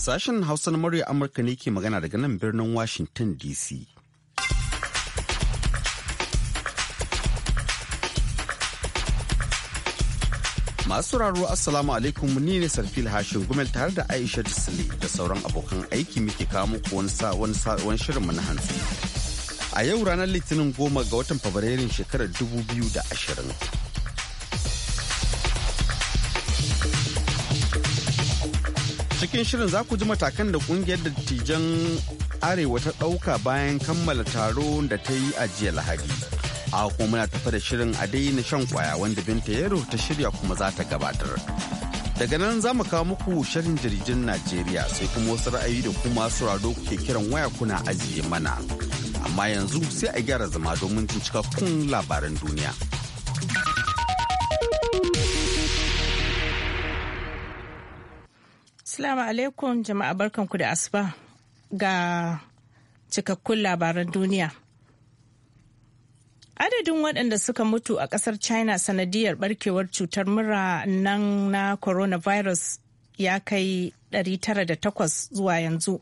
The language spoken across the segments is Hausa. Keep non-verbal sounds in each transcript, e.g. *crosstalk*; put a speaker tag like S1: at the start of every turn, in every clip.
S1: Sashen Hausa na murya Amurka ne ke magana daga nan birnin Washington DC. Masu raro Assalamu alaikum ni ne Sarfil Hashin Gumel tare da Aisha Sule da sauran abokan aiki muke kawo muku wani wani shirin na hantsi. A yau ranar Litinin goma ga watan Fabrairun shekarar 2020. cikin shirin za ku ji matakan da kungiyar dattijan arewa ta ɗauka bayan kammala taro da ta yi a jiya lahadi a kuma muna tafa da shirin a daina shan kwaya wanda binta yaro ta shirya kuma za ta gabatar daga nan za mu kawo muku shirin jaridun najeriya sai kuma wasu ra'ayi da kuma sauraro ke kiran waya kuna ajiye mana amma yanzu sai a gyara zama domin cikakkun labaran duniya.
S2: Assalamu alaikum jama'a ku da asuba ga cikakkun labaran duniya. Adadin waɗanda suka mutu a ƙasar China sanadiyar barkewar cutar mura nan na coronavirus ya kai 908 zuwa yanzu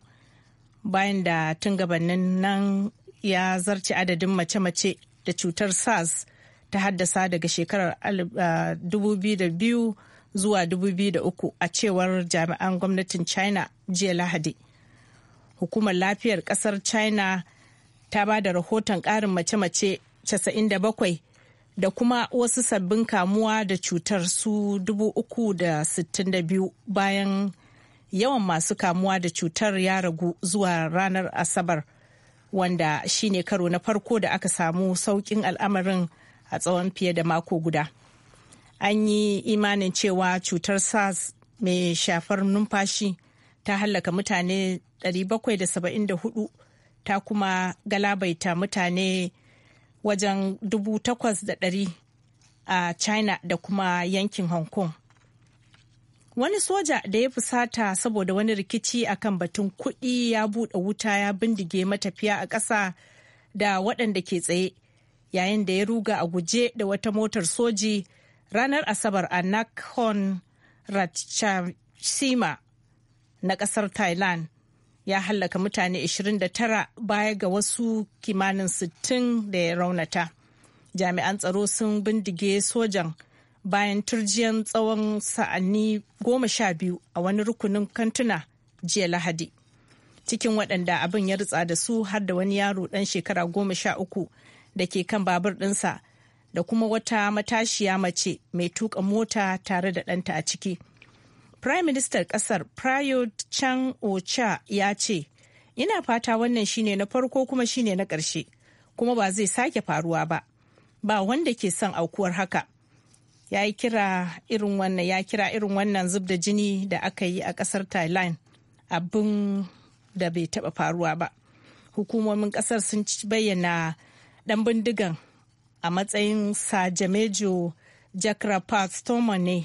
S2: bayan da tun gabanin nan ya zarce adadin mace-mace da cutar SARS ta haddasa daga shekarar 2002 uh, zuwa 2003 a cewar jami'an gwamnatin china jiya lahadi hukumar lafiyar kasar china ta ba da rahoton karin mace-mace 97 da kuma wasu sabbin kamuwa da cutar su 362 bayan yawan masu kamuwa da cutar ya ragu zuwa ranar asabar wanda shine karo na farko da aka samu saukin al'amarin a tsawon fiye da mako guda. an yi imanin cewa cutar sars mai shafar numfashi ta hallaka mutane 774 ta kuma galabaita mutane wajen 8,100 a china da kuma yankin hong kong wani soja da ya fusata saboda wani rikici akan batun kuɗi ya buɗe wuta ya bindige matafiya a ƙasa da waɗanda ke tsaye yayin da ya ruga a guje da wata motar soji ranar asabar a nakhon ratchasima na kasar thailand ya hallaka mutane 29 baya ga wasu kimanin 60 da ya raunata jami'an tsaro sun bindige sojan bayan turjiyan tsawon sa'anni 12 a wani rukunin kantuna jiya lahadi cikin waɗanda abin ya ritsa da su har da wani yaro ɗan shekara 13 da ke kan babur ɗinsa da kuma wata matashiya mace mai tuka mota tare da ɗanta a ciki. Prime Minister ƙasar Prayut Chan Ocha ya ce, "Ina fata wannan shine na farko kuma shine na ƙarshe, kuma ba zai sake faruwa ba. Ba wanda ke son aukuwar haka." Ya yi kira irin wannan ya kira irin wannan zub da jini da aka yi a ƙasar Thailand abin da bai taɓa faruwa ba. Hukumomin ƙasar sun bayyana ɗan bindigan a matsayin sajamejo jakrapat stoma ne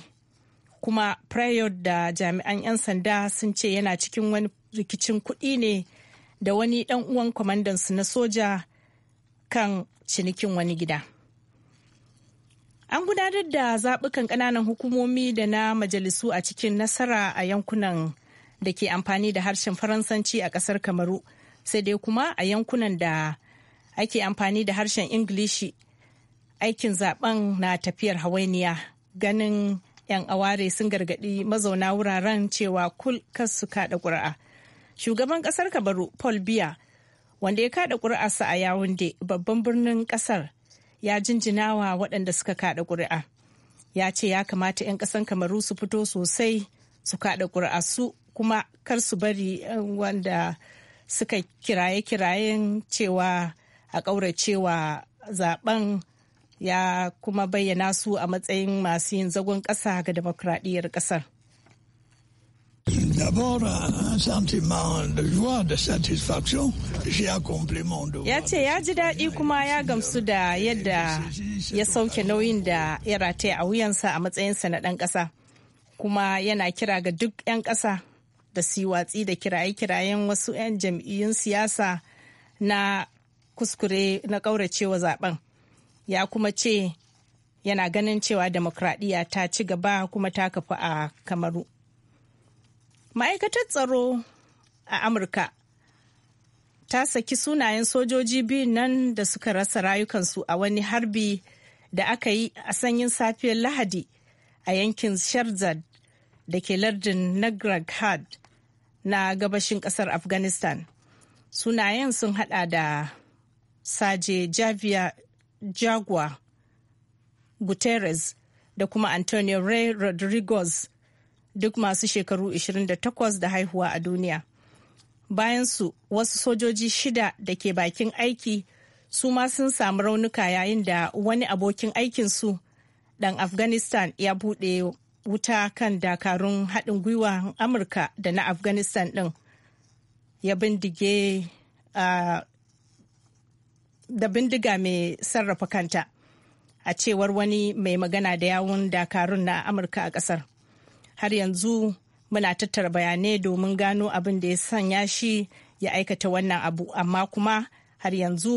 S2: kuma prayod da jami'an 'yan sanda sun ce yana cikin wani rikicin kuɗi ne da wani ɗan uwan kwamandansu na soja kan cinikin wani gida an gudanar da zaɓukan ƙananan hukumomi da na majalisu a cikin nasara a yankunan da ke amfani da harshen faransanci a ƙasar kamaru sai dai kuma a yankunan da ake amfani da harshen ingilishi aikin zaben na tafiyar hawainiya ganin 'yan aware sun gargadi mazauna wuraren cewa kul kas su kaɗa Shugaban ƙasar Kabaru Paul Biya wanda ya kaɗa su a Yawunde babban birnin ƙasar ya jinjinawa waɗanda suka kaɗa ƙuri'a. Ya ce ya kamata 'yan ƙasan Kamaru su fito sosai su kaɗa kuri'a su kuma kar su bari eh, wanda suka kiraye-kirayen cewa a ƙauracewa zaben ya kuma bayyana su a matsayin masu yin zagon ƙasa ga demokradiyyar ƙasar. Ya ce ya ji daɗi kuma ya gamsu da yadda ya sauke nauyin da ya rataya a wuyansa a matsayinsa na ɗan ƙasa. Kuma yana kira ga duk 'yan ƙasa da su watsi da kiraye-kirayen wasu 'yan jam'iyyun siyasa na kuskure na ƙauracewa zaben. ya kuma ce yana ganin cewa demokradiyya ta ci gaba kuma ta kafu a kamaru ma'aikatar tsaro a amurka ta saki sunayen sojoji biyu nan da suka rasa rayukansu a wani harbi da aka yi a sanyin safiyar lahadi a yankin sharzad da ke lardin nagrakhad na gabashin kasar afghanistan sunayen sun hada da saje javier Jaguar Guterres da kuma Antonio Ray Rodriguez duk masu shekaru 28 da haihuwa a duniya. Bayan su wasu sojoji shida da ke bakin aiki su ma sun samu raunuka yayin da wani abokin aikin su dan Afghanistan ya buɗe wuta kan dakarun haɗin gwiwa amurka da na afghanistan ɗin ya bindige a ah, da bindiga mai sarrafa kanta a cewar wani mai magana da yawun dakarun na amurka a kasar har yanzu muna tattara bayanai domin gano abin da ya sanya shi ya aikata wannan abu amma kuma har yanzu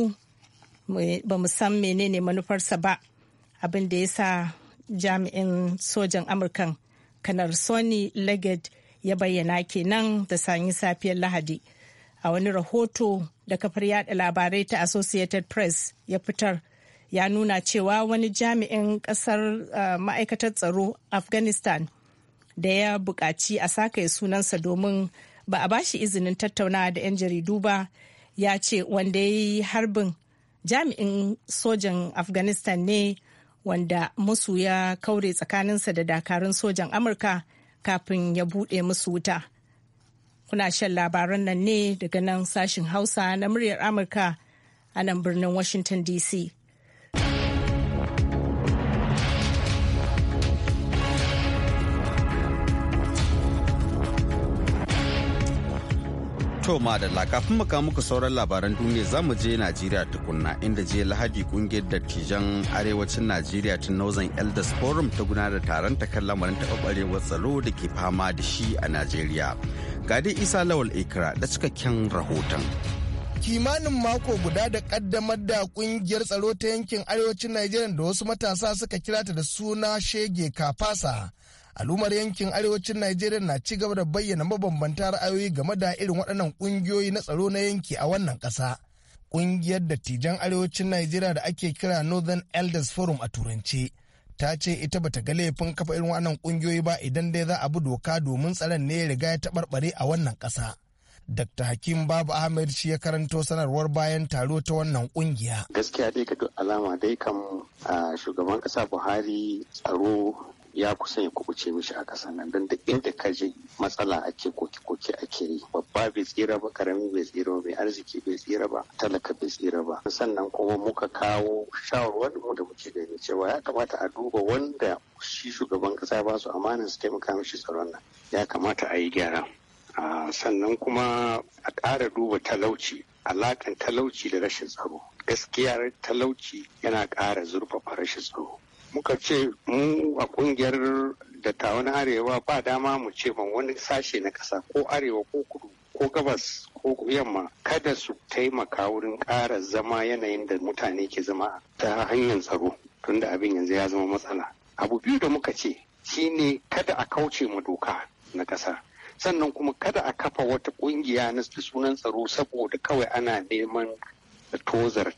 S2: ba mu san menene manufarsa ba abin da ya sa jami'in sojan amurkan kanar sony leggett ya bayyana kenan da sanyi safiyar lahadi a wani rahoto da kafar yada labarai ta associated press ya fitar ya nuna cewa wani jami'in kasar uh, ma'aikatar tsaro afghanistan da ya buƙaci a sake sunansa domin ba a bashi izinin tattaunawa da 'yan jaridu ba ya ce wanda ya yi harbin jami'in sojan afghanistan ne wanda musu ya kaure tsakaninsa da dakarun sojan amurka kafin ya buɗe musu wuta Kuna shan labaran nan ne daga nan sashin Hausa na muryar Amurka a nan birnin Washington DC.
S1: To madalla kafin mu kawo muku sauran labaran duniya za mu je Najeriya tukunna inda je Lahadi kungiyar dattijan arewacin Najeriya tun Northern Elders Forum ta gudanar da taron ta kan lamarin taɓarɓarewar tsaro da ke fama da shi a Najeriya. gadi Isa Lawal Ikra da cikakken rahoton.
S3: kimanin mako guda da kaddamar da kungiyar tsaro ta yankin arewacin Najeriya da wasu matasa suka kira ta da suna shege kafasa al'ummar yankin arewacin najeriya na ci gaba da bayyana mabambanta ra'ayoyi game da irin waɗannan ƙungiyoyi na tsaro na yanki a wannan ƙasa ƙungiyar dattijan arewacin najeriya da ake kira northern elders forum a turance ta ce ita bata ga laifin kafa irin waɗannan ƙungiyoyi ba idan dai za a bi doka domin tsaron ne ya riga ya taɓarɓare a wannan ƙasa Dr. Hakim Babu Ahmed shi ya karanto sanarwar bayan taro ta wannan kungiya.
S4: Gaskiya dai ka alama dai kan shugaban kasa Buhari tsaro ya kusa ya kubuce mishi a ƙasar nan don da inda ka je matsala ake koke koki ake yi babba bai tsira ba karami bai tsira ba mai arziki bai tsira ba talaka bai tsira ba sannan kuma muka kawo shawarwarin mu da muke gani cewa ya kamata a duba wanda shi shugaban kasa ba su amanin su taimaka mishi tsaron nan ya kamata a yi gyara sannan kuma a ƙara duba talauci alakan talauci da rashin tsaro Gaskiyar talauci yana ƙara zurfafa rashin tsaro muka ce mu a kungiyar dattawan arewa ba dama mu ce ban wani sashe na kasa ko arewa ko kudu ko gabas ko yamma kada su taimaka wurin ƙara zama yanayin da mutane ke zama ta hanyar tsaro tunda abin yanzu ya zama matsala abu biyu da muka ce shine kada a kauce mu doka na ƙasa sannan kuma kada a kafa wata ƙungiya na sunan tsaro saboda kawai ana neman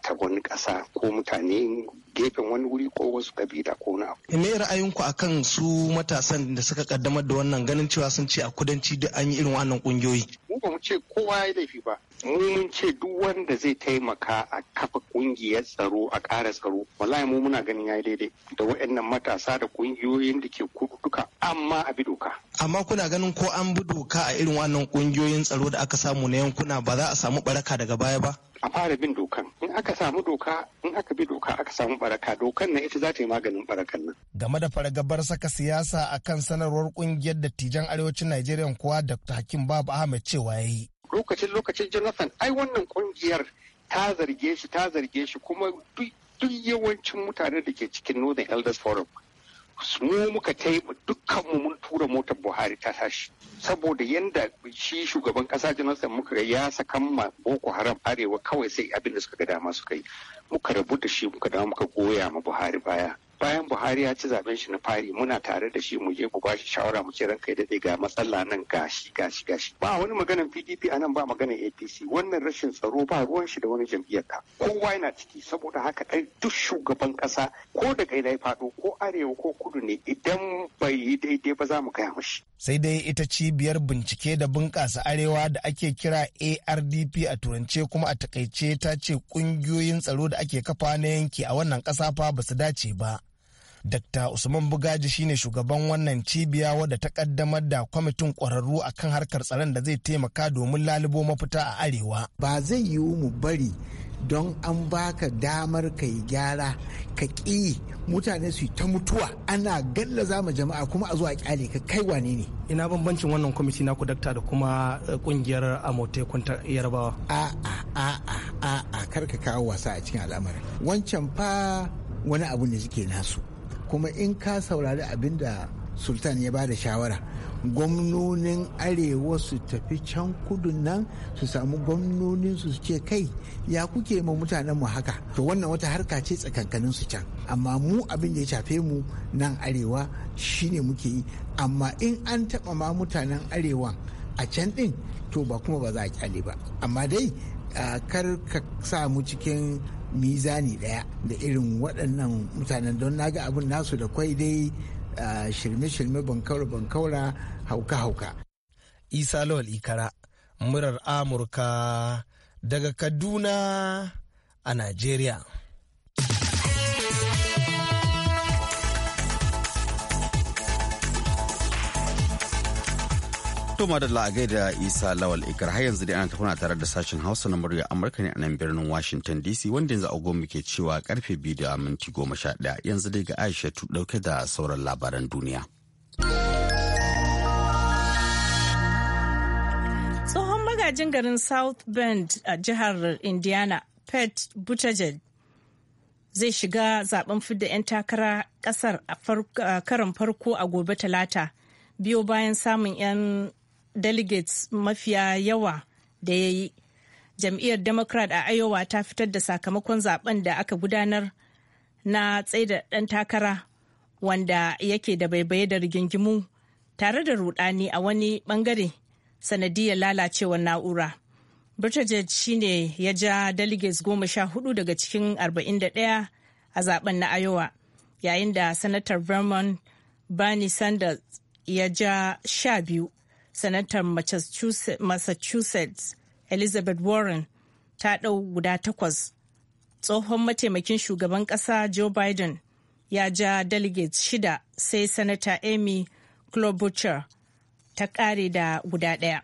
S4: ta wani kasa ko mutane gefen wani wuri ko wasu kabila ko na
S3: abu. Me ra'ayinku a kan su matasan da suka kaddamar da wannan ganin cewa sun ce a kudanci duk an yi irin wannan kungiyoyi?
S4: Mu ba mu ce kowa ya laifi ba. Mu mun ce duk wanda zai taimaka a kafa kungiyar tsaro a ƙara tsaro. Wallahi mu muna ganin ya yi daidai da waɗannan matasa da kungiyoyin da ke kudu duka amma a bi doka.
S3: Amma kuna ganin ko an bi doka a irin wannan kungiyoyin tsaro da aka samu na yankuna ba za a samu baraka daga baya ba?
S4: A fara bin dokan. In aka samu doka in aka bi doka aka samu baraka dokan nan ita za ta yi maganin barakan nan.
S3: Game da fargabar saka siyasa a kan sanarwar kungiyar dattijan arewacin Najeriya kuwa Dr. Hakim Babu Ahmed cewa ya yi.
S4: Lokacin lokacin Jonathan ai wannan kungiyar ta zarge shi ta zarge shi kuma duk yawancin mutanen da ke cikin Northern Elders Forum mu muka taiba dukkanmu mu mun tura motar buhari ta tashi saboda yanda shi shugaban kasa janarsa muka ga ya sakan ma boko haram arewa kawai sai abin da suka ga dama suka yi muka rabu da shi muka dawo muka goya ma buhari baya bayan buhari ya ci zaben shi na fari muna tare da shi mu je ku bashi shawara mu ce ranka daɗe ga matsala nan gashi gashi gashi ba wani maganan pdp a nan ba magana apc wannan rashin tsaro ba ruwan shi da wani jam'iyyar ta kowa yana ciki saboda haka ɗai duk shugaban ƙasa ko da kai ya faɗo ko arewa ko kudu ne idan bai yi daidai ba za mu kai mashi.
S3: sai dai ita cibiyar bincike da bunƙasa arewa da ake kira ardp a turance kuma a takaice ta ce ƙungiyoyin tsaro da ake kafa na yanki a wannan ƙasa fa ba su dace ba Dr. Usman Bugaji shine shugaban wannan cibiya wadda ta kaddamar da kwamitin ƙwararru a kan harkar tsaron da zai taimaka domin lalubo mafita a arewa. Ba zai yiwu mu bari don an baka damar ka yi gyara ka ƙi mutane su ta mutuwa ana gallaza ma jama'a kuma a zuwa ƙyale, ka kai wane ne ina bambancin wannan kwamiti na kudakta da kuma kungiyar eh, amote kunta yarbawa A'a, a'a, a'a, kar ka kawo wasa a cikin al'amarin wancan fa wani abu ne suke nasu kuma in ka saurari abin da sultan ya ba da shawara gwamnonin arewa su tafi can kudu nan su samu gwamnonin su ce kai ya kuke ma mutanen mu haka to wannan wata harka ce tsakankanin su can amma mu abin da ya shafe mu nan arewa shine muke yi amma in an taba ma mutanen arewa a can din to ba kuma ba za a kyale ba amma dai kar ka sa mu cikin mizani daya da irin waɗannan mutanen don naga abin nasu da kwai dai shirme-shirme bankaura-bankaura hauka-hauka. isa lawal ikara murar amurka daga kaduna a najeriya
S1: To madalla a gaida Isa Lawal Ikar har yanzu dai ana tafuna tare da sashen Hausa na murya Amurka ne a nan birnin Washington DC wanda yanzu agogo ke cewa karfe biyu da minti goma sha ɗaya yanzu dai ga Aisha tu dauke da sauran labaran duniya.
S2: Tsohon magajin garin South Bend a jihar Indiana, Pet Buttigieg zai shiga zaben fidda 'yan takara kasar a karon farko a gobe talata biyo bayan samun 'yan delegates mafiya yawa da ya yi jam'iyyar democrat a iowa ta fitar da sakamakon zaben da aka gudanar na tsaida ɗan takara wanda yake da baibaye da rigingimu tare da rudani a wani bangare sanadiyar lalacewar na'ura. Buttigieg shine ya ja delegates goma sha hudu daga cikin arba'in da 41 a zaben na Iowa, yayin da Sanatar Vermont Bernie Sanders ya ja sha biyu sanatar massachusetts elizabeth warren ta ɗau guda takwas tsohon mataimakin shugaban ƙasa joe biden ya ja delegates shida sai sanata amy klobuchar ta ƙare da guda ɗaya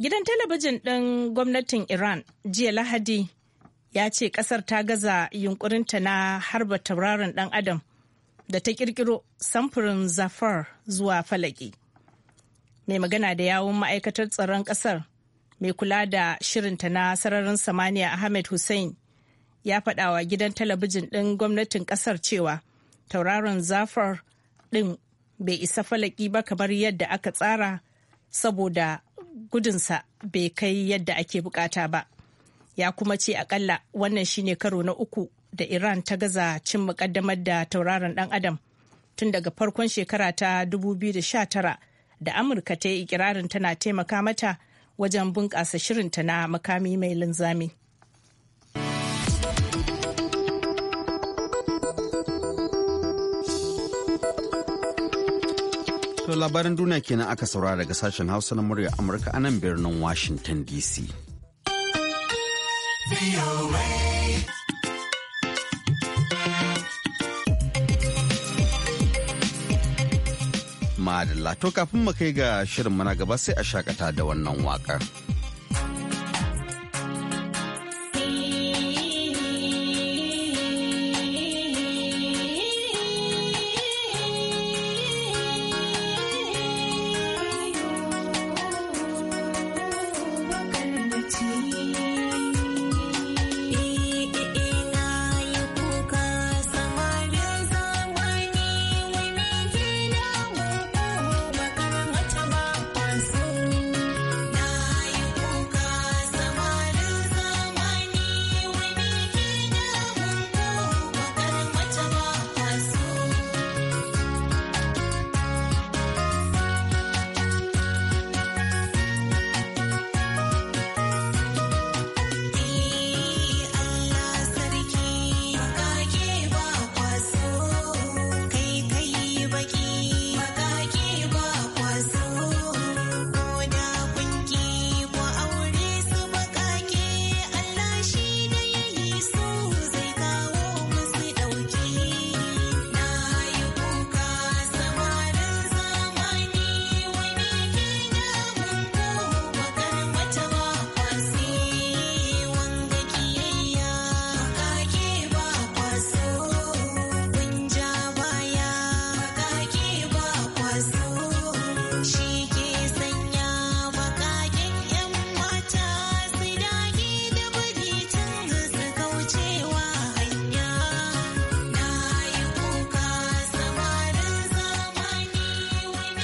S2: gidan talabijin ɗin gwamnatin iran jiya lahadi ya ce ƙasar ta gaza yunkurinta na harba tauraron ɗan adam da ta ƙirƙiro samfurin zafar zuwa falaki mai magana da yawun ma'aikatar tsaron kasar mai kula da shirinta na sararin samaniya ahmed hussein ya faɗa wa gidan talabijin ɗin gwamnatin ƙasar cewa tauraron zafar ɗin bai isa falaki ba kamar yadda aka tsara saboda gudunsa bai kai yadda ake bukata ba ya kuma ce akalla wannan shine karo na uku da iran ta gaza cin mukaddamar da tauraron ɗan adam tun daga farkon shekara ta 2019 da amurka ta yi ikirarin tana taimaka mata wajen bunƙasa shirinta na makami mai linzami.
S1: To labarin duniya kenan aka saura daga sashen Hausa na murya Amurka a nan birnin Washington DC. adalla to kafin mu kai ga shirin mana gaba sai a shakata da wannan waƙar.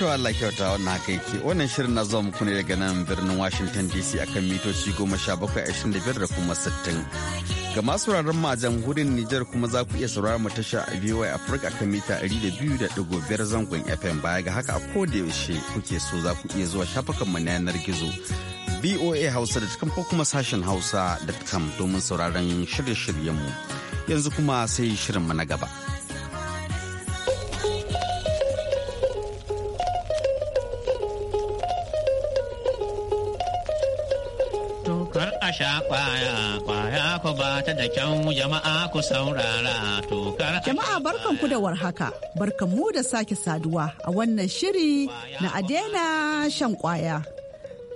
S1: to Allah kyauta wannan haka yake wannan shirin na zuwa muku ne daga nan birnin Washington DC akan mitoci 1725 da kuma 60. Ga masu wuraren mu a jamhurin Nijar kuma za ku iya sauraron mu tasha a VOA Africa akan mita 200.5 zangon FM baya ga haka a koda yaushe kuke so za ku iya zuwa shafukanmu mu na yanar gizo voa hausa.com ko kuma sashen hausa.com domin sauraron shirye-shiryenmu yanzu kuma sai shirin mu na gaba.
S5: sha kwaya kwaya ku ba ta da kyau jama'a ku saurara
S6: jama'a barkan ku da warhaka barkan mu da sake saduwa a wannan shiri na adena shan kwaya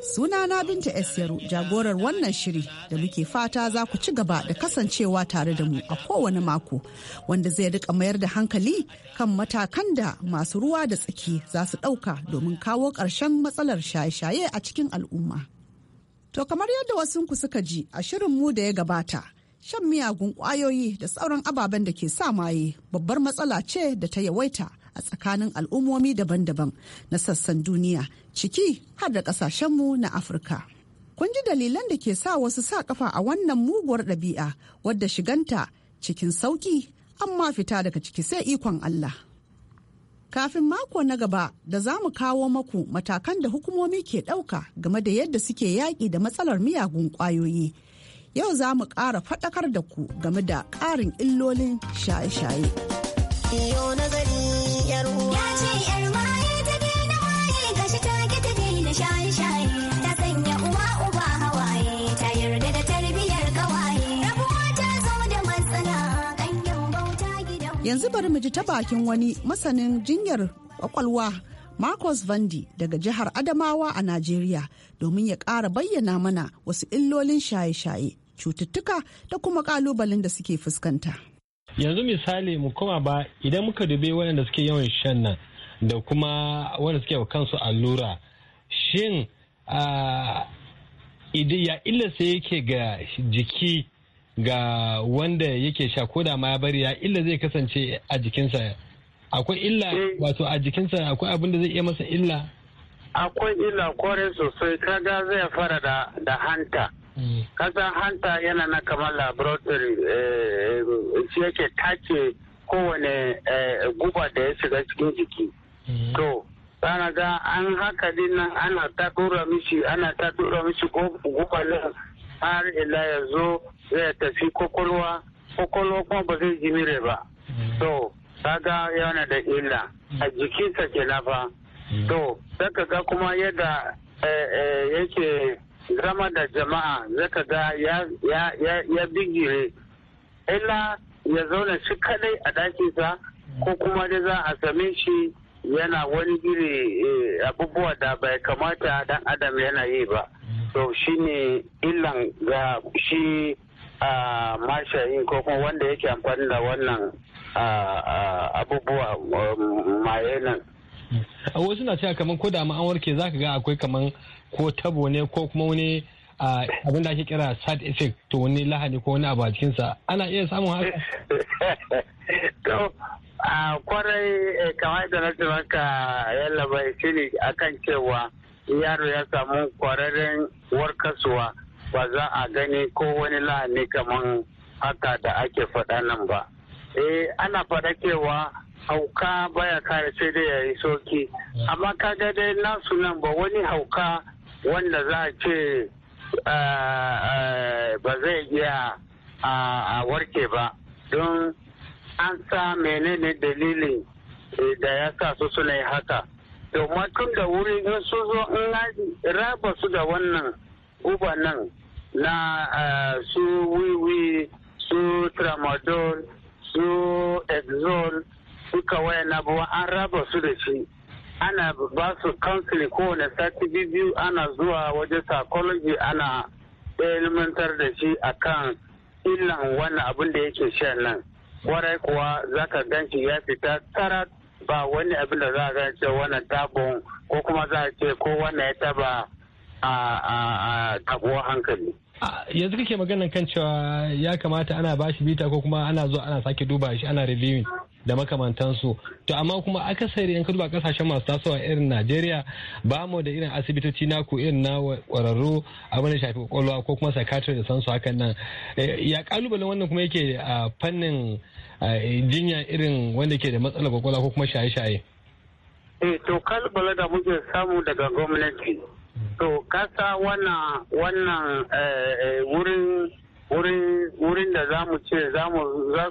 S6: Suna na binta esyaru jagorar wannan shiri da muke fata za ku ci gaba da kasancewa tare da mu a kowane mako wanda zai rika mayar da hankali kan matakan da masu ruwa da tsaki za su ɗauka domin kawo ƙarshen matsalar shaye-shaye a cikin al'umma To kamar yadda wasunku suka ji a shirin mu da ya gabata, shan miyagun ƙwayoyi da sauran ababen da ke sa maye babbar matsala ce da ta yawaita a tsakanin al'ummomi daban-daban na sassan duniya ciki har da ƙasashenmu na Afirka. Kun ji dalilan da ke sa wasu sa kafa a wannan muguwar ɗabi'a wadda shiganta cikin sauƙi amma fita daga ciki sai ikon Allah. kafin mako na gaba da za mu kawo maku matakan da hukumomi ke ɗauka game da yadda suke yaƙi da matsalar miyagun ƙwayoyi. Yau za mu ƙara faɗakar da ku game da ƙarin illolin shaye-shaye. Yanzu bari mu ji ta bakin wani masanin jinyar kwakwalwa Marcos Vandi daga jihar Adamawa a Najeriya domin ya ƙara bayyana mana wasu illolin shaye-shaye, cututtuka da kuma ƙalubalen da suke fuskanta.
S7: Yanzu misali mu koma ba idan muka dube waɗanda suke yawan shan nan da kuma waɗanda suke wa kansu allura. Shin ah, ya illa sai yake ga jiki ga wanda yake sha ko da ma ya bari ya illa zai kasance a jikinsa akwai illa eh. wato a jikinsa akwai abin da zai iya masa illa
S8: akwai illa kore sosai kaga zai fara da da hanta mm. kasan hanta yana na kamar laboratory eh, shi yake tace kowane eh, guba da ya shiga cikin jiki mm. to sana ga an haka dinnan ana ta dora mishi ana ta dora mishi guba nan har ila ya zo zai eh, tafi kwakwalwa kwakwalwa kuma ba zai ji mire ba mm. to kaga yana da illa mm. a jikinsa ke fa mm. to zaka ga kuma yadda eh, eh, yake zama da jama'a zaka ga ya bigire illa ya zauna shi kadai a ɗakinsa ko kuma da za a same shi yana wani iri abubuwa da bai kamata dan adam yana yi ba to shine illan ga shi mashayin ko kuma wanda yake amfani da wannan abubuwa um, maye nan
S7: a wasu na cewa kamar ko da ma an warke za ka ga akwai kamar ko tabo ne ko kuma wani abin da ake kira side effect to wani lahani ko wani abu a ana iya samun haka
S8: *laughs* a kwarai eh, kamar da na ce maka yalla bai a akan cewa yaro ya samu kwararren warkaswa ba za a gani ko wani lahani kamar haka da ake faɗa nan ba eh ana faɗa cewa hauka baya kare sai dai ya yi soki amma kaga dai nasu nan ba wani hauka wanda za a ce ba zai iya a warke ba don an sa menene dalili eh, da ya sa su suna yi haka domin tun da wuri in su zo in raba su da wannan guba nan na eh, su wiwi su tramadol su exol duka na buwa an raba su da shi ana ba su counseling kowane sati biyu ana zuwa waje psychology ana ilmantar da shi a kan illan wannan abin da yake shan nan warai kuwa zaka ganci ya fita tara ba wani abin da za a ce wannan tabon ko kuma za a ce ko wannan ya taba a ah, ah, ah, tabuwar hankali
S7: yanzu kake magana kan cewa ya kamata ana bashi bita ko kuma ana zuwa ana sake duba shi ana reviewing da makamantansu to amma kuma akasari 'yan ka duba kasashen masu tasowa irin Najeriya ba mu da irin asibitoci na ku irin na kwararru abin da shafi kwakwalwa ko kuma psychiatrist da sansu hakan nan eh, ya kalubalen wannan kuma yake a fannin jinya irin wanda ke da matsalar kwakwalwa ko kuma shaye-shaye
S8: eh to kalubalen da muke samu daga gwamnati to kasa wannan wannan eh, eh, wurin wurin da za mu ce za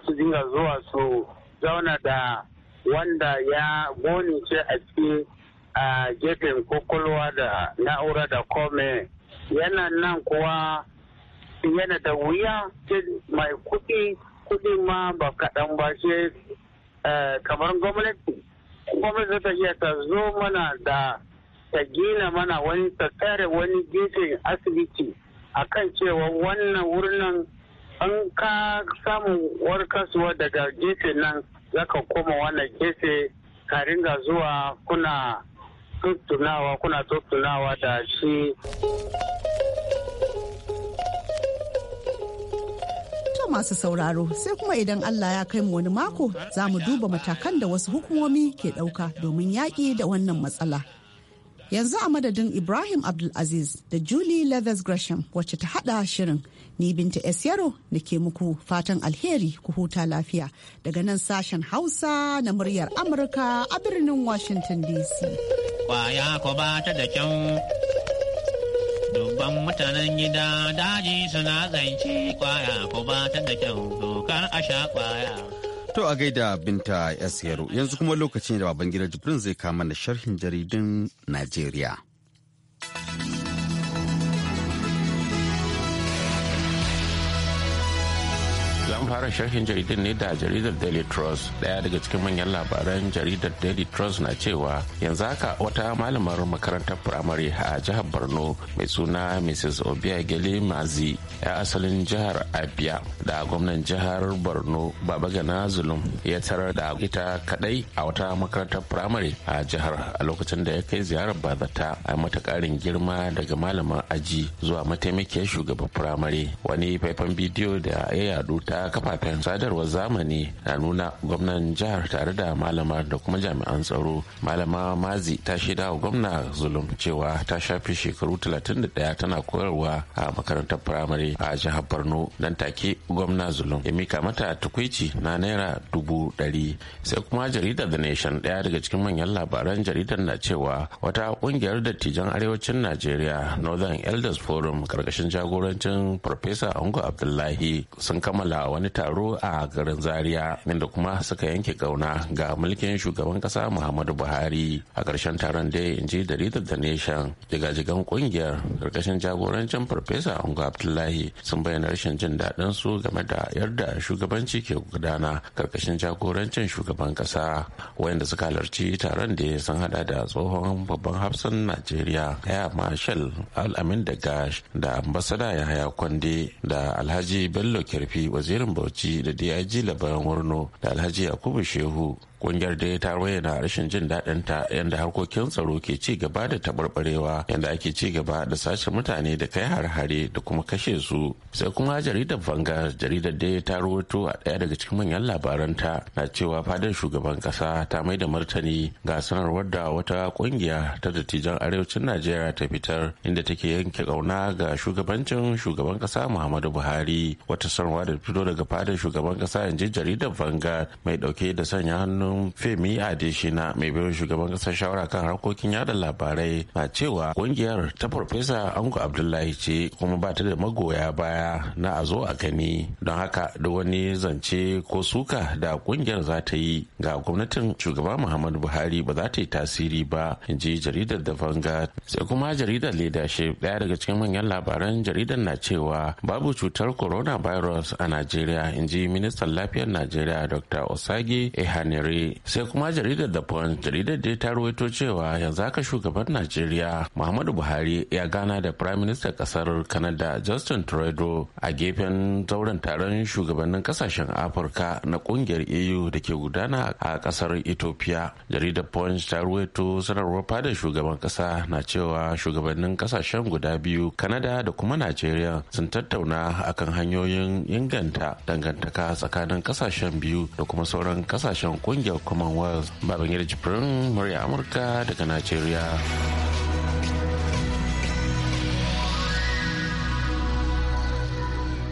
S8: su dinga zuwa su zauna da wanda ya goni ce a cikin a gefen kwakwalwa da na'ura da kome yana nan kuwa yana da wuya mai kuɗi kuɗi ma ba kaɗan ba shi eh, kamar gwamnati gwamnati ta iya ta zo mana da ta gina mana wani ta tsare wani gefen asibiti a kan cewa wannan wurin an ka samu warkaswa daga gefe nan zaka koma wannan gefe ka ringa zuwa kuna tuttunawa kuna tuttunawa da shi
S6: masu sauraro sai kuma idan Allah ya kai mu wani mako za mu duba matakan da wasu hukumomi ke ɗauka domin yaƙi da wannan matsala. Yanzu a madadin Ibrahim Abdulaziz da Julie Leathers Gresham wacce ta hada shirin ni binta S yaro da ke muku fatan alheri ku huta lafiya daga nan sashen Hausa na muryar Amurka a birnin Washington DC.
S5: Kwaya ko ba ta da kyau. Dubban mutanen gida daji suna zance kwaya ko ba ta da
S1: kyau dokar a sha kwaya. To a gaida binta Yasiru yanzu kuma lokacin da baban gida Jibrin zai kama da sharhin jaridun Najeriya.
S5: an fara sharhin jaridar ne da jaridar daily trust daya daga cikin manyan labaran jaridar daily trust na cewa yanzu haka wata malamar makarantar firamare a jihar borno mai suna mrs obiageli mazi ya asalin jihar abia da gwamnan jihar borno babagana zulum ya tarar da ita kadai a wata makarantar firamare a jihar a lokacin da ya kai ziyarar bazata a mata karin girma daga malamin aji zuwa mataimakiyar shugaban firamare wani faifan bidiyo da ya yadu ta kafafen sadarwar zamani na nuna gwamnan jihar tare da malama da kuma jami'an tsaro malama mazi ta shaida wa gwamna zulum cewa ta shafi shekaru 31 tana koyarwa a makarantar firamare a jihar borno don take gwamna zulum ya mika mata tukwici na naira dubu ɗari sai kuma jaridar the nation ɗaya daga cikin manyan labaran jaridar na cewa wata ƙungiyar dattijan arewacin najeriya northern elders forum karkashin jagorancin farfesa ango abdullahi sun kammala wani wani taro a garin zaria inda kuma suka yanke kauna ga mulkin shugaban kasa muhammadu buhari a ƙarshen taron dai in ji jaridar da nation jigajigan kungiyar karkashin jagorancin farfesa unguwa abdullahi sun bayyana rashin jin daɗin su game da yadda shugabanci ke gudana karkashin jagorancin shugaban kasa wayanda suka halarci taron da sun hada da tsohon babban hafsan najeriya ya marshal al'amin da gash da ambasada yahaya kwande da alhaji bello kirfi wazirin bauchi da dig labaran wurno da alhaji yakubu shehu kungiyar da ta bayyana rashin jin daɗin ta yadda harkokin tsaro ke ci gaba da taɓarɓarewa yadda ake ci gaba da sace mutane da kai har-hare da kuma kashe su sai kuma jaridar Vangar jaridar da ta rawaito a ɗaya daga cikin manyan labaranta na cewa fadar shugaban ƙasa ta mai da martani ga sanarwar da wata ƙungiya ta dattijan arewacin najeriya ta fitar inda take yanke ƙauna ga shugabancin shugaban ƙasa muhammadu buhari wata sanarwa da fito daga fadar shugaban ƙasa yanzu jaridar Vangar mai ɗauke da sanya hannu. hannun femi adeshina mai bayan shugaban kasar shawara kan harkokin yada labarai na cewa kungiyar ta farfesa ango abdullahi ce kuma ba ta da magoya baya na a zo a gani don haka da wani zance ko suka da kungiyar za ta yi ga gwamnatin shugaban muhammadu buhari ba za ta yi tasiri ba in ji jaridar da vanga sai kuma jaridar leadership daya daga cikin manyan labaran jaridar na cewa babu cutar coronavirus a najeriya in ji ministan lafiyar najeriya dr osage ehanire sai kuma jaridar da point jaridar da ta ruwaito cewa yanzu haka shugaban najeriya muhammadu buhari ya gana da prime minister kasar canada justin trudeau a gefen zauren taron shugabannin kasashen afirka na kungiyar eu da ke gudana a kasar ethiopia jaridar point ta ruwaito sanarwar fadar shugaban kasa na cewa shugabannin kasashen guda biyu Kanada da kuma najeriya sun tattauna akan hanyoyin inganta dangantaka tsakanin kasashen biyu da kuma sauran kasashen kungiyar jam'iyyar commonwealth baban yadda
S1: jifirin murya amurka daga najeriya.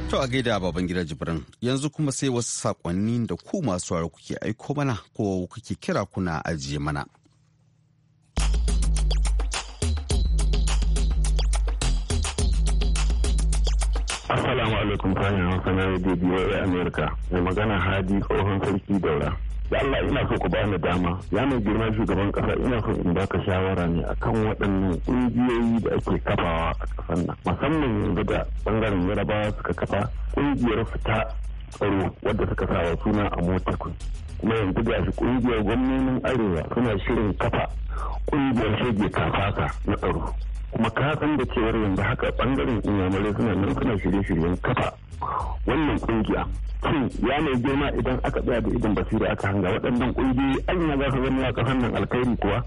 S1: To a gaida baban gida jibrin yanzu kuma sai wasu sakonni da ku masu wara kuke aiko mana ko kuke kira kuna ajiye mana.
S9: Assalamu alaikum kayan hausa na radio a America. Mai magana Hadi tsohon sarki daura. da Allah ina so ku ba ni dama ya mai girma shugaban kasa ina so in baka shawara ne akan waɗannan ƙungiyoyi da ake kafawa a ƙasar nan musamman yanzu da bangaren yarabawa suka kafa ƙungiyar fita tsaro wadda suka sawa suna a mota kuma yanzu ga shi ƙungiyar gwamnonin arewa suna shirin kafa ƙungiyar shege kafaka na tsaro kuma ka san da cewar yanzu haka bangaren inyamurai suna nan suna shirye-shiryen kafa wannan kungiya shin ya mai girma idan aka tsaya da idan basira aka hanga waɗannan kungiyoyi anya za ka zama a ka hannun alkhairi kuwa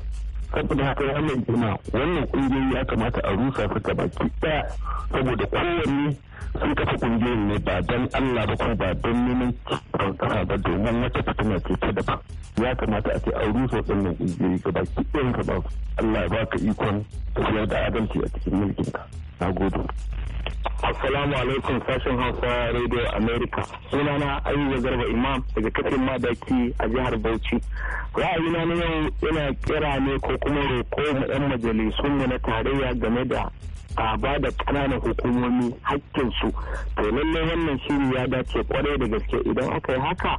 S9: saboda haka ya mai girma wannan kungiyoyi ya kamata a rusa su baki ɗaya saboda kowanne sun kafa kungiyoyin ne ba don Allah ba ko ba don neman cikin kasa ba domin wata fitina ce ta daban ya kamata a ce a rusa waɗannan kungiyoyi ga baki ɗayan ka ba Allah ya baka ikon tafiyar da adalci a cikin mulkinka na gode Assalamu alaikum sashen Hausa Radio America. Sunana Ayuba Garba Imam daga kafin madaki a jihar Bauchi. Ra'ayina na yau yana kira ne ko kuma roko na ɗan majalisun mu na tarayya game da a ba da ƙananan hukumomi hakkinsu. To lallai wannan shiri ya dace kwarai da gaske idan aka yi haka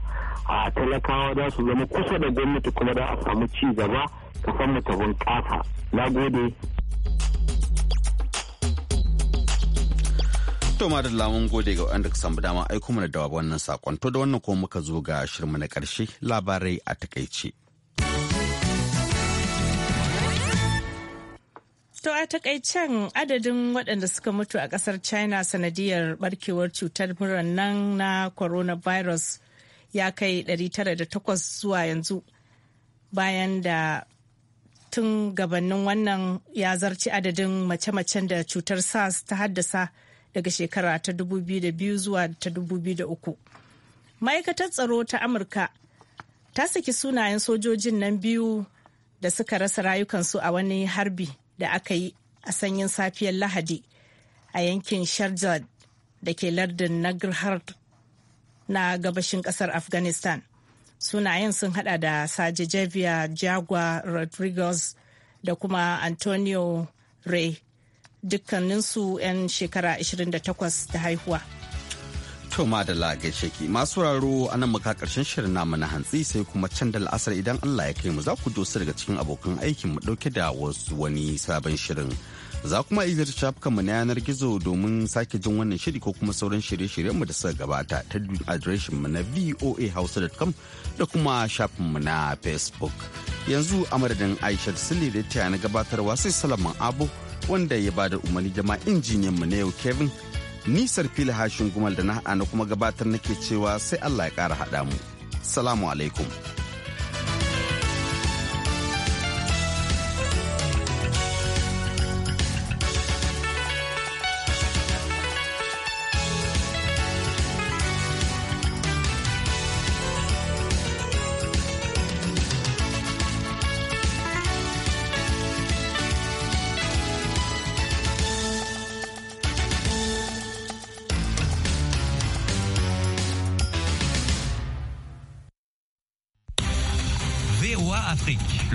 S9: a talakawa za su zama kusa da gwamnati kuma da a samu ci gaba ta mu ta bunƙasa. Na gode
S1: To ma da lamun gode ga wanda ka samu dama aiko mana da wannan sakon to da wannan kuma muka zo ga shirmu na karshe labarai a takaice.
S2: To a takaicen adadin waɗanda suka mutu a ƙasar China sanadiyar barkewar cutar murar nan na coronavirus ya kai 908 zuwa yanzu bayan da tun gabanin wannan ya zarci adadin mace-macen da cutar SARS ta haddasa daga shekara ta 2002 zuwa ta 2003. Ma'aikatar tsaro ta Amurka ta saki sunayen sojojin nan biyu da suka rasa rayukansu a wani harbi da aka yi a sanyin safiyar Lahadi a yankin Sharjah da ke lardin Nagarhar na gabashin kasar Afghanistan. Sunayen sun hada da sajejevia Jagua Rodriguez da kuma Antonio Ray dukkaninsu 'yan shekara 28 da haihuwa.
S1: To madalla gaishe masu raro a nan muka karshen shirin namu na hantsi sai kuma can da la'asar idan Allah ya kai mu za ku dosa daga cikin abokan aikin mu dauke da wasu wani sabon shirin. Za kuma izar shafukan mu na yanar gizo domin sake jin wannan shiri ko kuma sauran shirye-shiryen mu da suka gabata ta adireshin mu na voahausa.com da kuma shafin mu na Facebook. Yanzu a madadin Aisha Sule da ta na gabatarwa sai Salaman Abu wanda ya bada umarni da ma injiniyan mu na yau Kevin nisar fili hashin gumal da na kuma gabatar nake cewa sai Allah ya kara haɗa mu. Salamu alaikum.